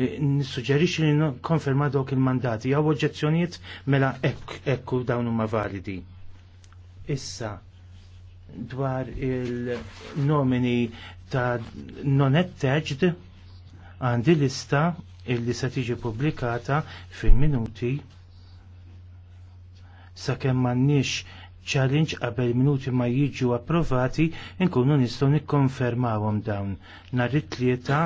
Eh, nissuġġerixi li konferma dawk il-mandati għaw oġġezzjonijiet mela ekk ekku dawn huma validi. Issa dwar il-nomini ta' non attached għandi lista illi se tiġi pubblikata fil-minuti sakemm m'għandniex challenge qabel minuti ma jiġu approvati nkunu nistgħu nikkonfermawhom dawn nhar it-tlieta